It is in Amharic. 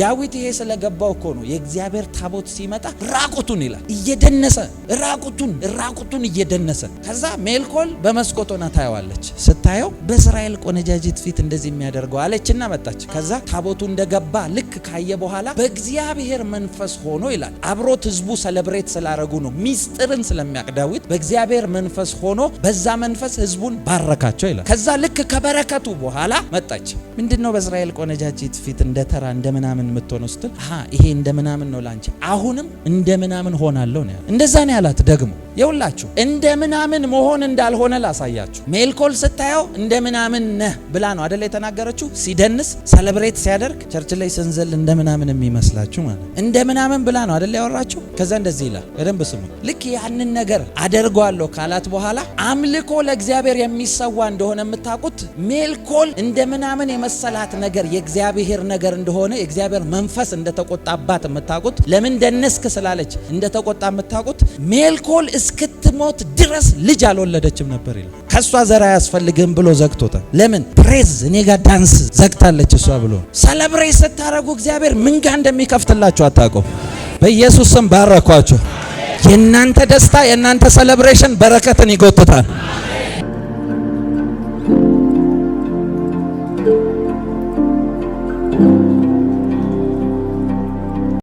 ዳዊት ይሄ ስለገባው እኮ ነው። የእግዚአብሔር ታቦት ሲመጣ ራቁቱን ይላል እየደነሰ ራቁቱን ራቁቱን እየደነሰ ከዛ ሜልኮል በመስኮት ሆና ታየዋለች። ስታየው በእስራኤል ቆነጃጅት ፊት እንደዚህ የሚያደርገው አለችና መጣች። ከዛ ታቦቱ እንደገባ ልክ ካየ በኋላ በእግዚአብሔር መንፈስ ሆኖ ይላል አብሮት ህዝቡ ሰለብሬት ስላረጉ ነው ሚስጥርን ስለሚያቅ ዳዊት በእግዚአብሔር መንፈስ ሆኖ በዛ መንፈስ ህዝቡን ባረካቸው ይላል። ከዛ ልክ ከበረከቱ በኋላ መጣች። ምንድን ነው በእስራኤል ቆነጃጅት ፊት እንደ ተራ እንደ ምናምን የምትሆነው ስትል ይሄ እንደ ምናምን ነው ላንቺ አሁንም እንደ ምናምን ሆናለሁ ነው እንደዛ ነው ያላት ደግሞ የውላችሁ እንደ ምናምን መሆን እንዳልሆነ ላሳያችሁ። ሜልኮል ስታየው እንደ ምናምን ነህ ብላ ነው አደላ የተናገረችው። ሲደንስ ሰለብሬት ሲያደርግ ቸርች ላይ ስንዘል እንደ ምናምን የሚመስላችሁ ማለት እንደ ምናምን ብላ ነው አደላ ያወራችሁ። ከዛ እንደዚህ ይላል፣ በደንብ ስሙ። ልክ ያንን ነገር አደርገዋለሁ ካላት በኋላ አምልኮ ለእግዚአብሔር የሚሰዋ እንደሆነ የምታውቁት ሜልኮል እንደምናምን የመሰላት ነገር የእግዚአብሔር ነገር እንደሆነ የእግዚአብሔር መንፈስ እንደተቆጣባት የምታውቁት ለምን ደነስክ ስላለች እንደተቆጣ የምታውቁት ሜልኮል እስክትሞት ድረስ ልጅ አልወለደችም ነበር ይላል። ከእሷ ዘር አያስፈልግም ብሎ ዘግቶታል። ለምን ፕሬዝ እኔ ጋር ዳንስ ዘግታለች እሷ ብሎ ሰለብሬ ስታረጉ እግዚአብሔር ምንጋ ጋር እንደሚከፍትላችሁ በኢየሱስ ስም ባረኳችሁ። የእናንተ ደስታ የእናንተ ሰለብሬሽን በረከትን ይጎትታል።